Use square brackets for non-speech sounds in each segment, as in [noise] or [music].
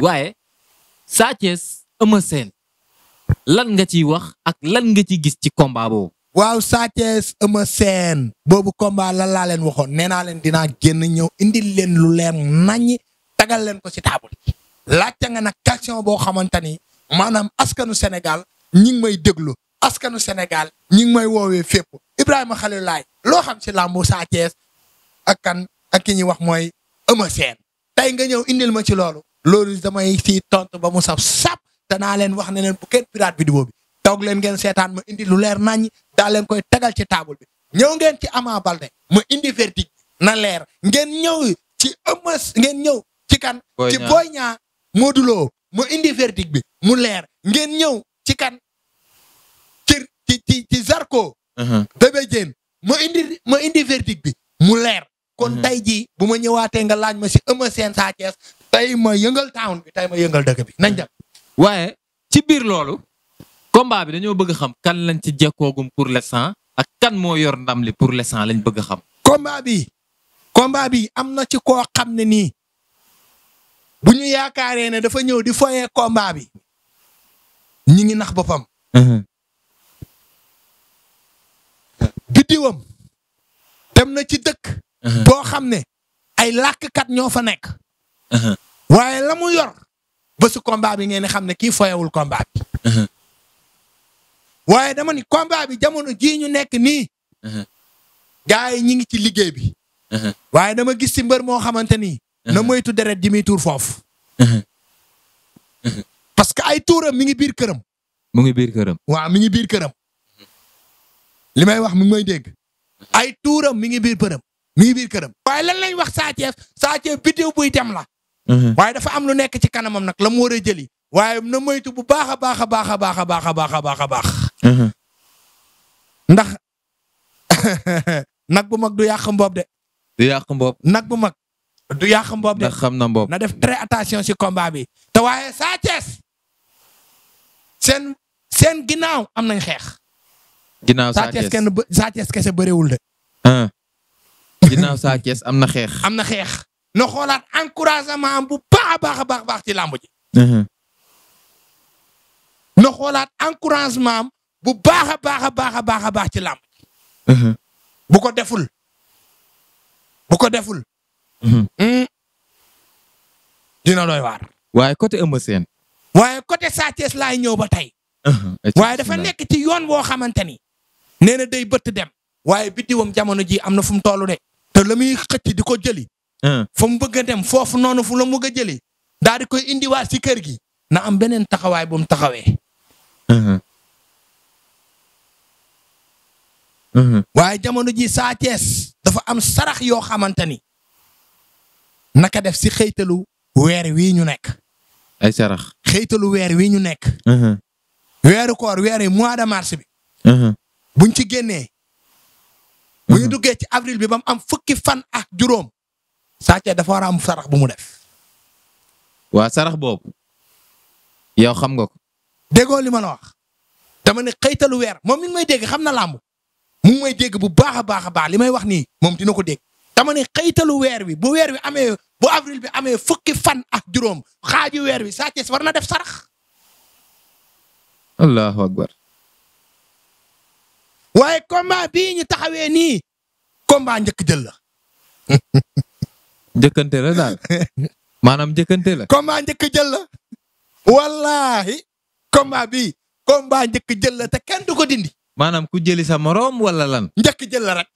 bi waaye Sa Thiès Eumeu lan nga ciy wax ak lan nga ci gis ci combat boobu. waaw Sa ama Eumeu Sène boobu combat lan laa leen waxoon nee naa leen dinaa génn ñëw indil leen lu leer naññi tagal leen ko ci taabal laajte nga nag question boo xamante ni maanaam askanu Sénégal ñi may déglu askanu Sénégal ñi may woowee fépp Ibrahima Khalil Laye loo xam ci làmbu Sa Thiès ak ñuy wax mooy Eumeu Sène tey nga ñëw indil ma ci loolu loolu damay siy tontu ba mu saf sap danaa leen wax ne leen bu kenn pirate vidéo bi toog leen ngeen seetaan ma indi lu leer naññ daa leen koy tegal ci table bi ñëw ngeen ci Ama Baldé ma indi verdict na leer ngeen ñëw ci Eumeu ngeen ñëw ci kan ci Boy Niang Modou ma indi verdict bi mu leer ngeen ñëw ci kan ci ci ci ci Zarko uh-huh. Bébé Diène ma indi ma indi verdict bi mu leer kon uh-huh. tey jii bu ma ñëwaatee nga laaj ma si Eumeu seen Sa tey ma yëngal town bi tey ma yëngal dëkk bi nañ dem. waaye ci biir loolu combat bi dañoo bëgg xam kan lañ ci jekkoogum pour l'instant ak kan moo yor ndam li pour l'instant lañ bëgg xam. combat bi combat bi am na ci koo xam ne nii bu ñu yaakaaree ne dafa ñëw di foyee combat bi ñi ngi nax boppam. Mhm. biddiwam dem na ci dëkk. Mhm. boo xam ne ay làkkat ñoo fa nekk. Uh-huh. waaye la mu yor ba su combat bi ngeen xam ne kii foyewul combat bi. Uh-huh. waaye dama ni combat bi jamono jii ñu nekk nii. Uh-huh. gars yi ñi ngi ci liggéey bi. waaye dama gis ci mbër moo xamante ni. na moytu deret ji muy tuur foofu. parce que ay tuuram mi ngi biir këram. mu ngi biir këram. waaw mi ngi biir këram. li may wax mu ngi may dégg. ay tuuram mi ngi biir këram. mi ngi biir këram. waaye lan lañ wax Sa Thiès Sa Thiès biddew la. Mhm. waaye dafa am lu nekk ci kanamam nag la mu war a jëli. waaye na moytu bu baax a baax baax a baax baax a baax a baax mhm. ndax [laughs] nag bu mag du yàq mboob de. du yàq mboob nag bu mag. du yàq mboob de xam na mboob na def très attention si combat bi. te waaye Sa Thiès seen seen ginnaaw am nañ xeex. ginnaaw Sa Thiès kenn Sa kese bëriwul de. Ah. ginnaaw Sa Thiès am na xeex. am na xeex. na xoolaat encouragement bu baax a baax baax ci làmb ji. Mhm. xoolaat encouragement bu baax a baax a baax a baax a baax ci làmb mhm. bu ko deful bu ko deful. Mhm. Hmm? dina doy waar. waaye côté Eumeu Sène. waaye côté Sa Thiès laay ñëw ba tey. waaye dafa nekk ci yoon boo xamante ni. nee na day bëtt dem. waaye biddiwam jamono ji am na fu mu toll de. te la muy xëcc di ko jëli. fa mu bëgg a dem foofu noonu fu la mu bëgg a jëlee daal di koy indiwaat ci kër gi na am beneen taxawaay bu mu taxawee. waaye jamono ji saates dafa am sarax yoo xamante ni naka def si xëytalu weer wii ñu nekk. ay xëytalu weer wii ñu nekk. weeru koor weer yi mois de mars bi. buñ ci génnee. bu ñu duggee ci avril bi ba mu am fukki fan ak juróom. Sa Thiès dafa sarax bu mu def. waa sarax boobu yow xam nga ko. déggoo li ma la wax dama ne xëytalu weer moom mi may dégg xam na làmb mu ngi may bu baax a baax a baax li may wax nii moom dina ko dégg dama ne xëytalu weer wi bu weer wi amee bu avril bi amee fukki fan ak juróom xaaju weer wi Sa Thiès war na def sarax. allahu akbar. waaye combat bii ñu taxawee nii combat njëkk jël la. [laughs] jëkkante la daal [laughs] maanaam jëkkante la. combat njëkk jël la. wallaahi. combat bi combat njëkk jël la te kenn du ko dindi. maanaam ku jëli sa moroom wala lan. njëkk jël la rek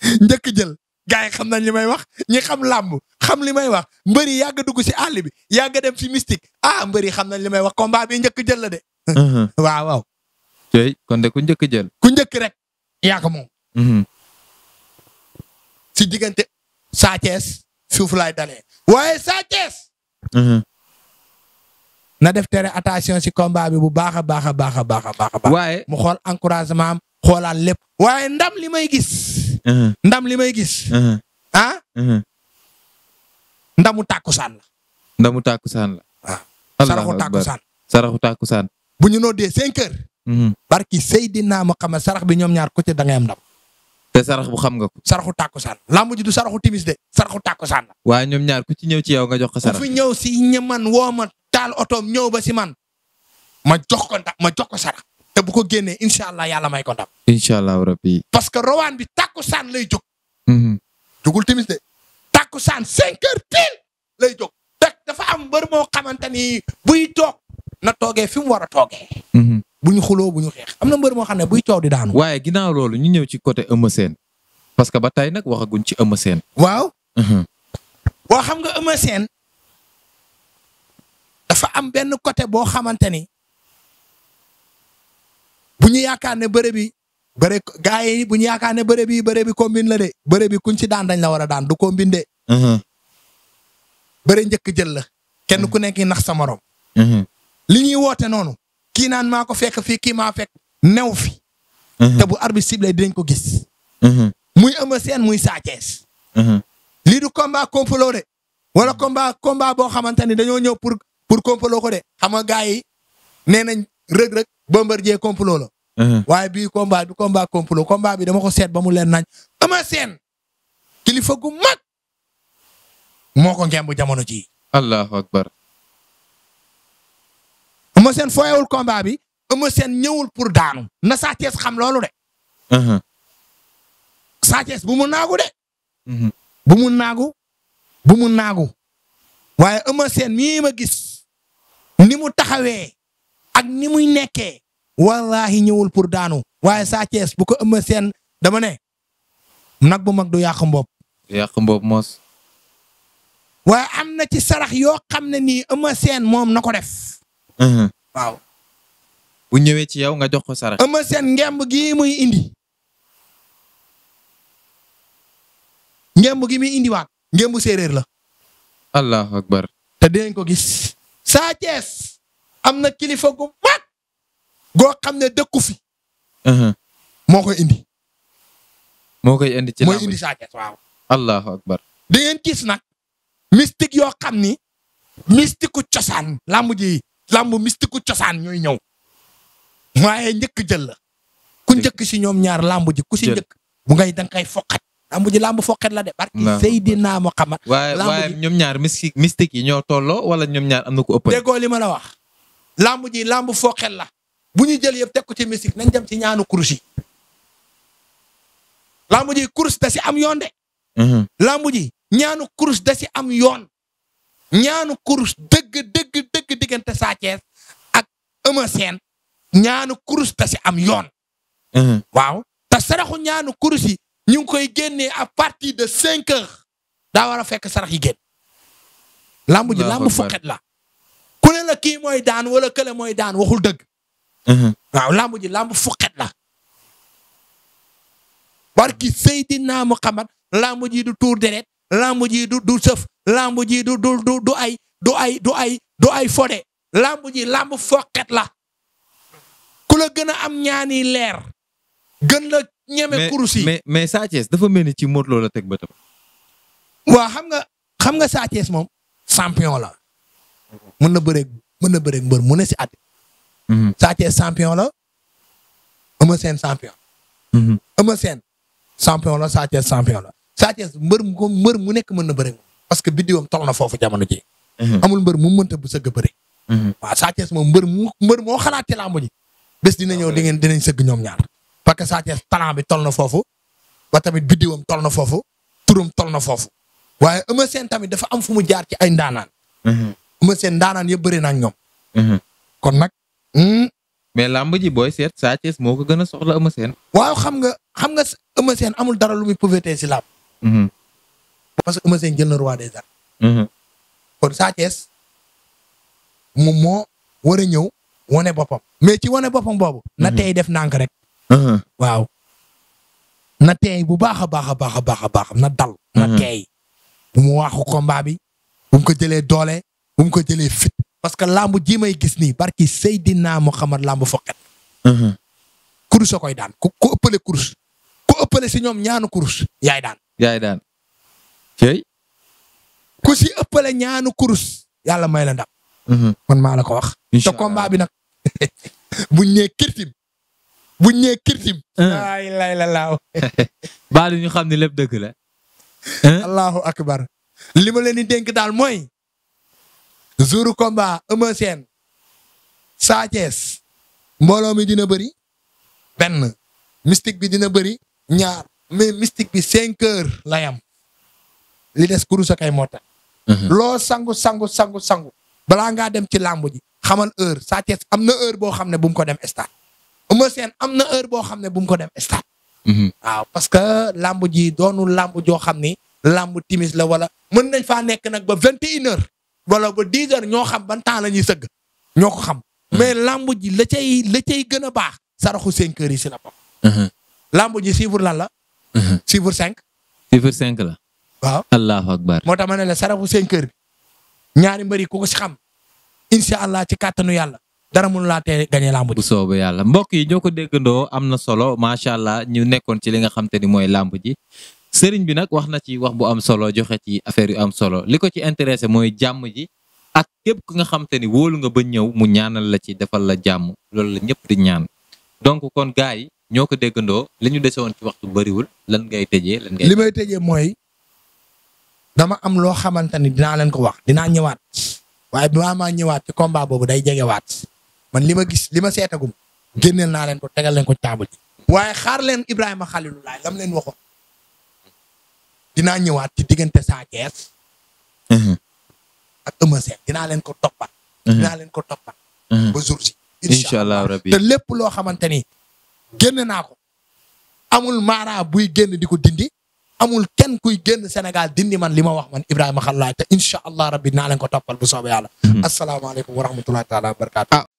[laughs] njëkk jël. gaay yi xam nañ li may wax ñi xam làmb xam li may wax mbëri yàgg dugg si àll bi yàgg dem si mystique ah mbëri xam nañ li may wax combat bi njëkk jël la de. Uh-huh. [laughs] waaw waaw. tey kon de ku njëkk jël. ku njëkk rek yaa ko ci diggante Sa Thiès suuf laay dalee waaye Sa Thiès. Mm-hmm. na def tere attention ci combat bi bu baax a baax a baax a baax a baax. waaye mu xool encouragement am xoolaat lépp. waaye ndam li may gis. Mm-hmm. ndam li may gis. Mm-hmm. ah. ndamu tàkkusaan la. ndamu tàkkusaan la. waaw saraxu tàkkusaan. saraxu tàkkusaan. bu ñu noddee cinq heures. barki Seydina Muhammad sarax bi ñoom ñaar ku ci da ngay am ndam. te sarax bu xam nga ko. saraxu tàkkusaan la ji du saraxu timis de saraxu tàkkusaan la. waaye ñoom ñaar ku ci ñëw ci yow nga jox ko sarax. ku fi ñëw si ña man woo ma taal otoom ñëw ba si man ma jox ko ma jox ko sarax. te bu ko génnee incha allah yàlla may ko ndam. incha allah rabbi. parce que rawaan bi tàkkusaan lay jóg. Mm-hmm. jugul timis de. tàkkusaan cinq lay jóg. te dafa am mbër moo xamante ni buy toog na toogee fi mu war a toogee. Mm-hmm. bu ñu xuloo bu ñu xeex am na mbër moo xam ne buy coow di daanu. waaye ginnaaw loolu ñu ñëw ci côté Eumeu Sène parce que ba tey nag waxaguñ ci Eumeu Sène. waaw. boo mhm. xam nga Eumeu Sène dafa am benn côté boo xamante ni bu ñu yaakaar ne bëre bi bëre gaa yi bu ñu yaakaar ne bëre bi bëre bi combine la de bëre bi kuñ ci daan dañ la war a daan du combine de. Mhm. bëre njëkk jël la. kenn mhm. ku nekk nax sa morom. li ñuy woote noonu. kii naan maa ko fekk fii kii maa new fi. Mhm. te bu arbitre ciblé ko gis. Mhm. muy Eumeu Sène muy Sa Thiès. Mhm. lii du combat de wala combat combat boo xamante ni dañoo ñëw pour pour complot ko de xam nga gars yi nee nañ Reug Reug Bombardier complot la. waaye bii combat du combat complot combat bi dama ko seet ba mu leen nañ Eumeu Sène kilifa gu mag moo ko ngemb jamono ji Eumeu Sène fooyewul combat bi ama seen ñëwul pour daanu na Sa Thiès xam loolu de. Uh-huh. Sa Thiès bu mu naagu de. Uh-huh. bu naagu bu mu naagu waaye ama Sène mii ma gis ni mu taxawee ak ni muy nekkee wallahi ñëwul pour daanu waaye Sa Thiès bu ko Eumeu Sène dama ne nag bu mag du yàq mbopp. yàq waaye am na ci sarax yoo xam ne nii Eumeu Sène moom na ko def. waaw. bu ñëwee ci yow nga jox ko sarax. Eumeu Sène ngemb gii muy indi. ngemb gi muy indiwaat. ngemb séeréer la. allahu akbar. te dinañ ko gis. Sa am na kilifa gu mag. goo xam ne dëkku fi. moo ko indi. moo koy indi ci mooy indi Sa waaw. allahu akbar. di ngeen gis nag. mystique yoo xam ni. mystique ku cosaan. làmb làmb mystique ku cosaan ñooy ñëw waaye njëkk jël la ku njëkk si ñoom ñaar làmb ji ku si njëkk bu ngay da nga koy foqat làmb làmb foqet la de barki Seydina Muhammad waaye waaye ñoom ñaar mystique mystique yi ñoo tolloo wala ñoom ñaar am na ko ëpp ma la wax làmb ji làmb foqet la bu ñu jël yëpp teg ko ci mystique nañ dem ci ñaanu kurus yi làmb ji da si am yoon de mhm. làmb ji ñaanu kurus da am yoon ñaanu kurus dëgg dëgg dëgg diggante saa Eumeu Sène ñaanu kurus ta si am yoon. Mhm. waaw te saraxu ñaanu kurus yi ñu ngi koy génne à partir de cinq heures daa war a fekk sarax yi génn. lamb ji lamb la. ku ne la kii daan wala kële mooy daan waxul dëgg. Mhm. waaw lamb ji lamb fukket la. barki Seydina Muhammad lamb ji du tuur deret lamb du sëf lamb du du ay du ay du ay fode làmb ji làmb foqet la ku la gën a am ñaani leer gën la ñeme kurus yi mais mais Sa Thiès dafa mel ni ci Modou Lo la teg bëtam waa xam nga xam nga Sa Thiès moom champion la mën na bëreeg mën na bëreeg mbër mu ne si at mhm. Sa Thiès champion la Eumeu Sène champion mhm. Eumeu Sène champion la Sa Thiès champion la Sa mbër mu mbër mu nekk mën na bëreeg parce que biddiwam toll na foofu jamono ji mhm. amul mbër mu mënta bu sëgg bëri Mhm. waaw Sa Thiès moom mbër mu mbër moo xalaatee lamb ji bés dina ñëw ah, di ngeen dinañ sëgg ñoom ñaar parce que Sa Thiès bi toll na foofu ba tamit biddiwam toll na foofu turam toll na foofu waaye Eumeu seen tamit dafa am fu mu jaar ci ay ndaanaan mhm. Eumeu Sène ndaanaan yëpp bëri na ak ñoom mhm. kon nag hmm? mais lamb ji booy seet Sa Thiès moo ko gën a soxla Eumeu Sène waaw xam nga xam nga Eumeu seen amul dara lu muy pauvreté si lamb parce que Eumeu Sène jël na des arènes kon Sa moom moo war a ñëw wane boppam mais ci wane boppam boobu. na mhm. tey def nànk rek. Uh-huh. waaw na tey bu baax a baax a baax a baax a baax na dal. na uh-huh. tey bu mu waaxu combat bi bu mu ko jëlee doole bu mu ko jëlee fit. parce que làmb ji may gis nii barki Seydina Muhammad làmb foqet. Uh-huh. kurus a koy daan ku ku ëppale kurus ku ëppale si ñoom ñaanu kurus yaay daan. yaay daan. ku si ëppale ñaanu kurus yàlla may na ndam. Mm-hmm. man maa la ko wax. incha allah te combat bi nag [laughs] buñ ñee kirtim buñ ñee kirtim. waay uh. lay la laaw. [laughs] baalu ñu xam ne lépp la. Uh. allahu akbar li ma leen di dénk daal mooy. jouru combat Eumeu Sène Sa mbooloo mi dina bari benn mystique bi dina bari ñaar mais mystique bi cinq heures la yam li des kurus a kay moo mm-hmm. loo sangu sangu sangu sangu balaa ngaa dem ci làmb ji xamal heure Sa Thiès am na heure boo xam ne bu ko dem stade Eumeu sen am na heure boo xam ne bu mu ko dem stade. Mm-hmm. waaw parce que làmb ji doonul làmb joo xam ni làmb timis la wala mën nañ faa nekk nag ba vingt et une heures wala ba dix heures ñoo xam ban temps la ñuy sëgg ñoo ko xam. Mm-hmm. mais làmb ji la cay la cay gën a baax. saraxu cinq heures yi si la bokk. Mm-hmm. ji chiffre lan la. chiffre cinq. chiffre cinq la. waaw allahu akbar moo tax ma ne la saraxu cinq heures ñaari mbëri ku ko si xam incha allah ci kàttanu yàlla dara mënu laa tee gañe làmb bu soobu yàlla mbokk yi ñoo ko déggandoo am na solo macha allah ñu nekkoon ci li nga xam te ni mooy làmb ji sëriñ bi nag wax na ci wax bu am solo joxe ci affaire yu am solo li ko ci intéressé mooy jàmm ji ak képp ku nga xam te ni wóolu nga ba ñëw mu ñaanal la ci defal la jàmm loolu la ñëpp di ñaan donc kon gars yi ñoo ko déggandoo li ñu desewoon ci waxtu bëriwul lan ngay tëjee lan ngay. mooy dama am loo xamante ni dinaa leen ko wax dinaa ñëwaat waaye bi maa maa ñëwaat ci combat boobu day jegewaat man li ma gis li ma seetagum génneel naa leen ko tegal leen ko taabal ji waaye xaar leen Ibrahima Khalilulaay lam leen waxoon dinaa ñëwaat ci diggante saa kees mhm. ak Eumeu Sène dinaa leen ko toppat mhm. dinaa leen ko toppat mhm. ba jour si incha allah rabbi te lépp loo xamante ni génn naa ko amul maara buy génn di ko dindi amul kenn kuy génn Sénégal dindi man li ma wax man Ibrahima Xalla te incha allah rabbi naa leen ko toppal bu soobee yàlla. Mm-hmm. asalaamaaleykum wa rahmatullahi taala wa barakaatu. Ah,